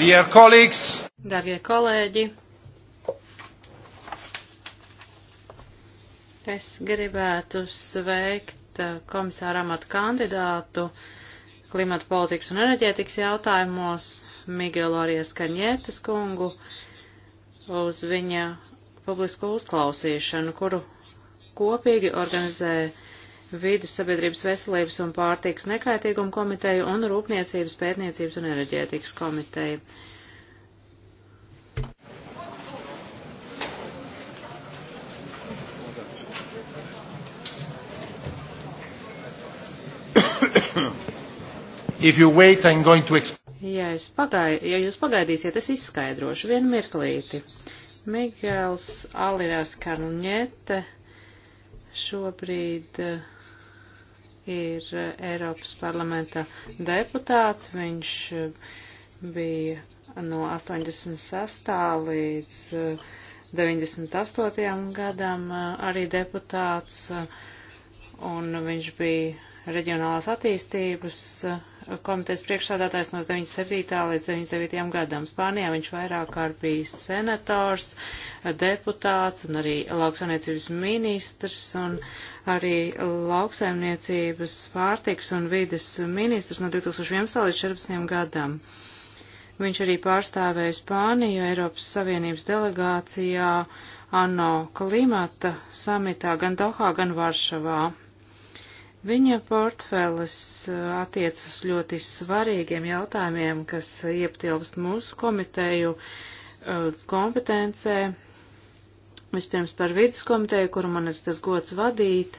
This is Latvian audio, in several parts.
Dear colleagues, Darbie kolēģi, es gribētu sveikt eh, komisāra amatu kandidātu klimata politikas un enerģētikas jautājumos Miguelu Arijas Kaņietes kungu uz viņa publisko uzklausīšanu, kuru kopīgi organizē vidas sabiedrības veselības un pārtīks nekaitīgumu komiteju un Rūpniecības, pētniecības un enerģētikas komiteju. Wait, ja, pagai, ja jūs pagaidīsiet, es izskaidrošu vienu mirklīti. Migels Aliras Karunjete šobrīd uh, ir eh, Eiropas parlamenta deputāts. Viņš eh, bija no 86. līdz 98. Eh, gadam arī deputāts, un viņš bija reģionālās attīstības eh, komitejas priekšsādātājs no 97. līdz 99. gadam. Spānijā viņš vairāk kārt bija senators, deputāts un arī lauksaimniecības ministrs un arī lauksaimniecības pārtiks un vides ministrs no 2011. līdz 14. gadam. Viņš arī pārstāvēja Spāniju Eiropas Savienības delegācijā ANO klimata samitā gan Dohā, gan Varšavā Viņa portfelis uh, attiec uz ļoti svarīgiem jautājumiem, kas ieptilpst mūsu komiteju uh, kompetencē. Vispirms par viduskomiteju, kuru man ir tas gods vadīt.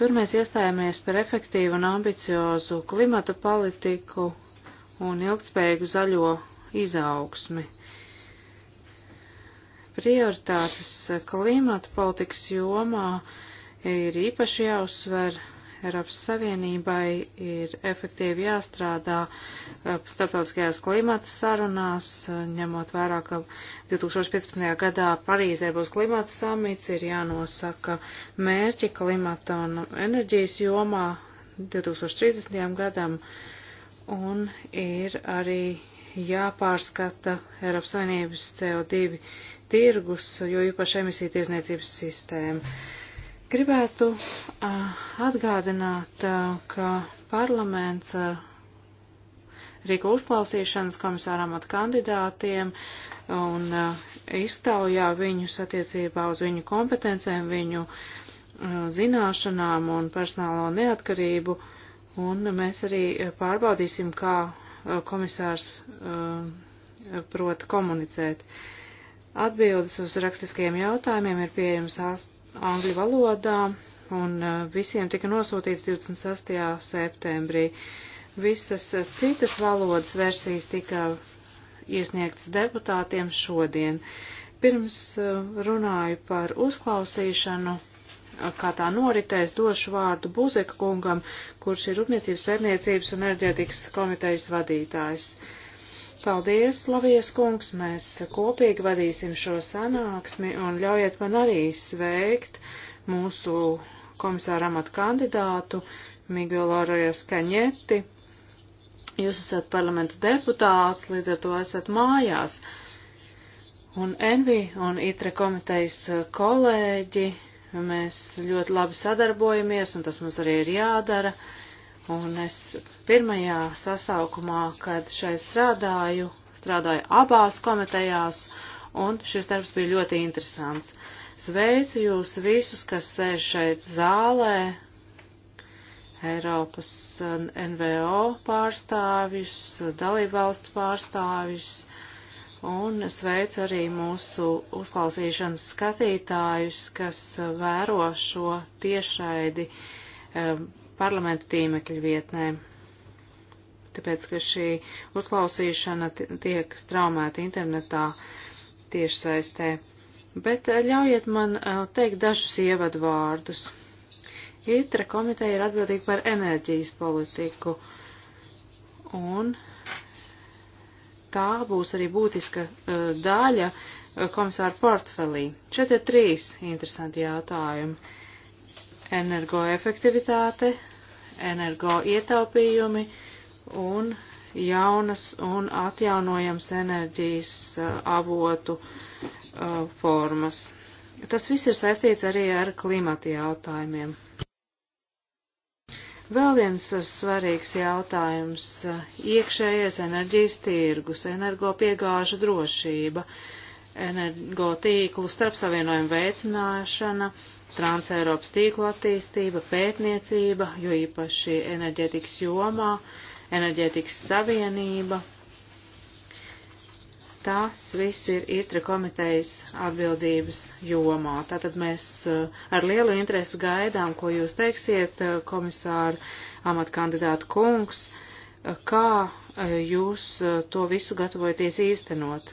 Tur mēs iestājāmies par efektīvu un ambiciozu klimata politiku un ilgspējīgu zaļo izaugsmi. Prioritātes klimata politikas jomā uh, ir īpaši jāuzsver. Eiropas Savienībai ir efektīvi jāstrādā eh, starptautiskajās klimata sarunās, eh, ņemot vērā, ka 2015. gadā Parīzē būs klimata samits, ir jānosaka mērķi klimata un enerģijas jomā 2030. gadam, un ir arī jāpārskata Eiropas Savienības CO2 tirgus, jo īpaši emisiju tiesniecības sistēma. Gribētu atgādināt, ka parlaments Rīga uzklausīšanas komisāram at kandidātiem un iztaujā viņus attiecībā uz viņu kompetencēm, viņu zināšanām un personālo neatkarību. Un mēs arī pārbaudīsim, kā komisārs prot komunicēt. Atbildes uz rakstiskajiem jautājumiem ir pieejams 8 angļu valodā, un uh, visiem tika nosūtīts 26. septembrī. Visas uh, citas valodas versijas tika iesniegtas deputātiem šodien. Pirms uh, runāju par uzklausīšanu, kā tā noritēs, došu vārdu Buzeka kungam, kurš ir Rūpniecības, Sērniecības un enerģētikas komitejas vadītājs. Uh, Paldies, Lavijas kungs, mēs kopīgi vadīsim šo sanāksmi un ļaujiet man arī sveikt mūsu komisāra amata kandidātu Miguel Orojas Kaņeti. Jūs esat parlamenta deputāts, līdz ar to esat mājās. Un Envi un Itre komitejas kolēģi, mēs ļoti labi sadarbojamies, un tas mums arī ir jādara. Uh, Un es pirmajā sasaukumā, kad šeit strādāju, strādāju abās komitejās, un šis darbs bija ļoti interesants. Sveicu jūs visus, kas sēž šeit zālē, Eiropas eh, NVO pārstāvjus, dalībvalstu pārstāvjus, un sveicu arī mūsu uzklausīšanas skatītājus, kas eh, vēro šo tiešraidi eh, parlamenta tīmekļa vietnē. Tāpēc, ka šī uzklausīšana tiek straumēta internetā tiešsaistē. Bet eh, ļaujiet man eh, teikt dažus ievadu vārdus. ITRA komiteja ir atbildīga par enerģijas politiku, un tā būs arī būtiska eh, daļa komisāra portfelī. Šeit ir trīs interesanti jautājumi energoefektivitāte, energo ietaupījumi un jaunas un atjaunojams enerģijas uh, avotu uh, formas. Tas viss ir saistīts arī ar klimata jautājumiem. Vēl viens uh, svarīgs jautājums - iekšējais enerģijas tirgus, energopiegāžu drošība, energotīklu starpsavienojumu veicināšana, Transeiropas tīklu attīstība, pētniecība, jo īpaši enerģētikas jomā, enerģētikas savienība. Tas viss ir ITRA komitejas atbildības jomā. Tātad mēs eh, ar lielu interesi gaidām, ko jūs teiksiet, eh, komisāra amatkandidāta kungs, eh, kā jūs to visu gatavojaties īstenot.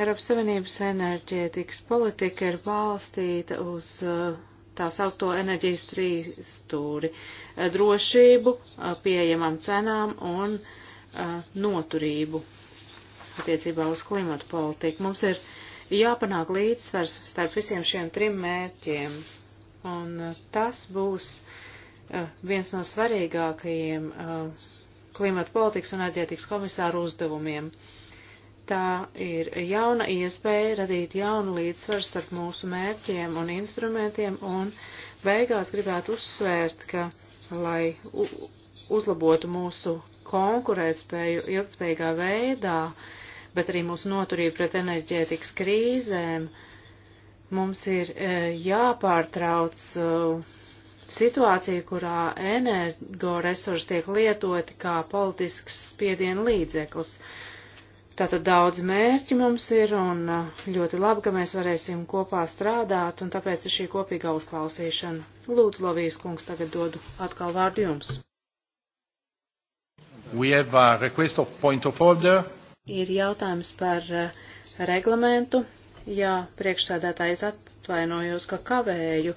Eiropas Savienības enerģētikas politika ir balstīta uz uh, tā saukto enerģijas trīs stūri - drošību, uh, pieejamām cenām un uh, noturību attiecībā uz klimatu politiku. Mums ir jāpanāk līdzsvars starp visiem šiem trim mērķiem, un tas būs viens no svarīgākajiem klimatu politikas un enerģētikas komisāru uzdevumiem. Uh, Tā ir jauna iespēja radīt jaunu līdzsvaru starp mūsu mērķiem un instrumentiem, un beigās gribētu uzsvērt, ka, lai uzlabotu mūsu konkurētspēju ilgspējīgā veidā, bet arī mūsu noturību pret enerģētikas krīzēm, mums ir e, jāpārtrauc e, situācija, kurā energoresursi tiek lietoti kā politisks spiediena līdzeklis. Tātad daudz mērķi mums ir un uh, ļoti labi, ka mēs varēsim kopā strādāt, un tāpēc ir šī kopīga uzklausīšana. Lūdzu, Lovijas kungs, tagad dodu atkal vārdu jums. Of of ir jautājums par uh, reglamentu. Jā, priekšsēdētājs atvainojos, ka kavēju,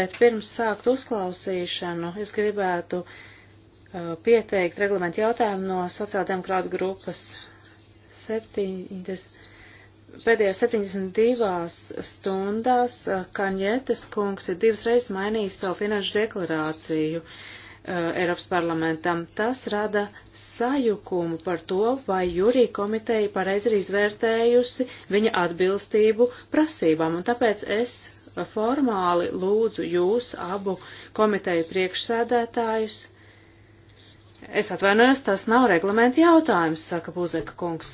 bet pirms sākt uzklausīšanu es gribētu uh, pieteikt reglamentu jautājumu no sociāldemokrāta grupas 70 pēdējās 72 stundās eh, Kaņetes kungs ir divas reizes mainījis savu finanšu deklarāciju uh, Eiropas parlamentam. Tas rada sajukumu par to, vai jūrī komiteja pareizi ir izvērtējusi viņa atbilstību prasībām, un tāpēc es formāli lūdzu jūs abu komiteju priekšsēdētājus Es atvainojos, tas nav reglamenta jautājums, saka Buzeka kungs.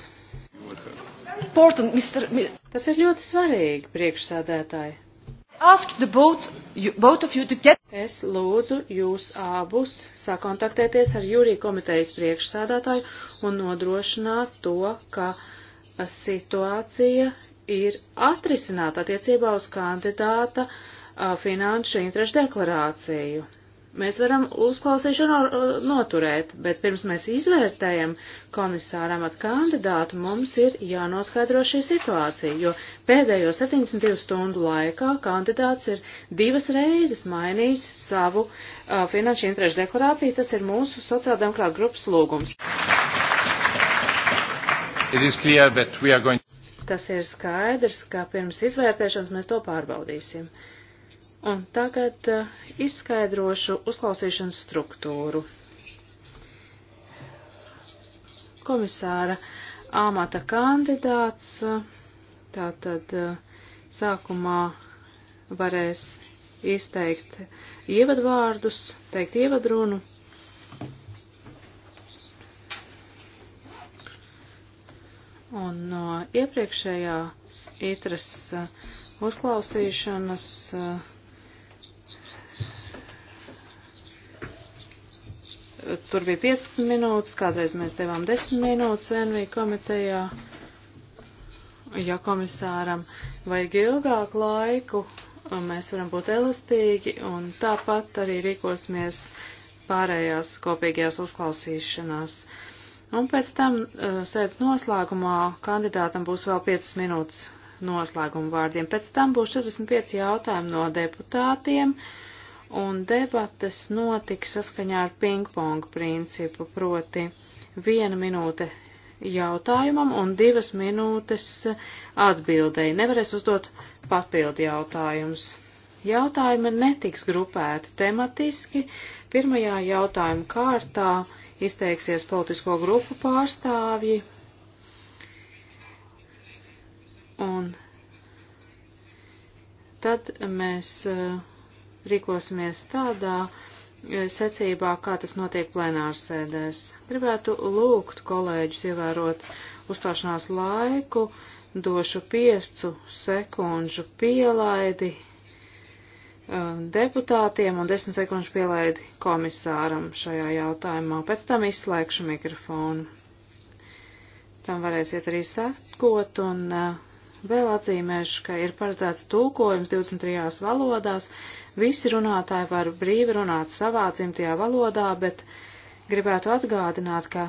Important, Mr. Mr. Tas ir ļoti svarīgi, priekšsēdētāji. Ask the both, you, both of you to get. Es lūdzu jūs abus sakontaktēties ar jūrī komitejas priekšsēdētāju un nodrošināt to, ka situācija ir atrisināta attiecībā uz kandidāta a, finanšu interešu deklarāciju. Mēs varam uzklausīšanu uh, noturēt, bet pirms mēs izvērtējam komisāram at kandidātu, mums ir jānoskaidro šī situācija, jo pēdējo 72 stundu laikā kandidāts ir divas reizes mainījis savu uh, finanšu interešu deklarāciju. Tas ir mūsu sociāldemokrāta grupas lūgums. Going... Tas ir skaidrs, ka pirms izvērtēšanas mēs to pārbaudīsim. Uh, Un tagad uh, izskaidrošu uzklausīšanas struktūru. Komisāra āmata kandidāts eh, tātad eh, sākumā varēs izteikt ievadvārdus, teikt ievadrunu, Un no iepriekšējās itras uh, uzklausīšanas uh, tur bija 15 minūtes, kādreiz mēs devām 10 minūtes NV komitejā. Ja komisāram vajag ilgāku laiku, mēs varam būt elastīgi un tāpat arī rīkosimies pārējās kopīgajās uzklausīšanās. Uh, Un pēc tam eh, sēdz noslēgumā kandidātam būs vēl 5 minūtes noslēguma vārdiem. Pēc tam būs 45 jautājumi no deputātiem, un debates notiks saskaņā ar ping-pong principu, proti viena minūte jautājumam un divas minūtes atbildēji. Nevarēs uzdot papildu jautājumus. Jautājumi netiks grupēti tematiski. Pirmajā jautājuma kārtā izteiksies politisko grupu pārstāvji. Un tad mēs eh, rīkosimies tādā eh, secībā, kā tas notiek plenārsēdēs. Gribētu lūgt kolēģus ievērot uzstāšanās laiku, došu piecu sekundžu pielaidi Um, deputātiem un 10 sekundžu pielaidi komisāram šajā jautājumā. Pēc tam izslēgšu mikrofonu. Tam varēsiet arī sekot un uh, vēl atzīmēšu, ka ir paredzēts tulkojums 23 valodās. Visi runātāji var brīvi runāt savā dzimtajā valodā, bet gribētu atgādināt, ka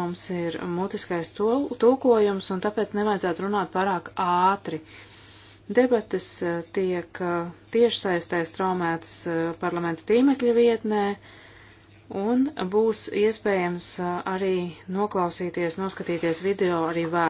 mums ir mutiskais tulkojums un tāpēc nevajadzētu runāt pārāk ātri. Debates eh, tiek eh, tiešsaistē straumētas eh, parlamenta tīmekļa vietnē un būs iespējams arī noklausīties, noskatīties video arī vēl.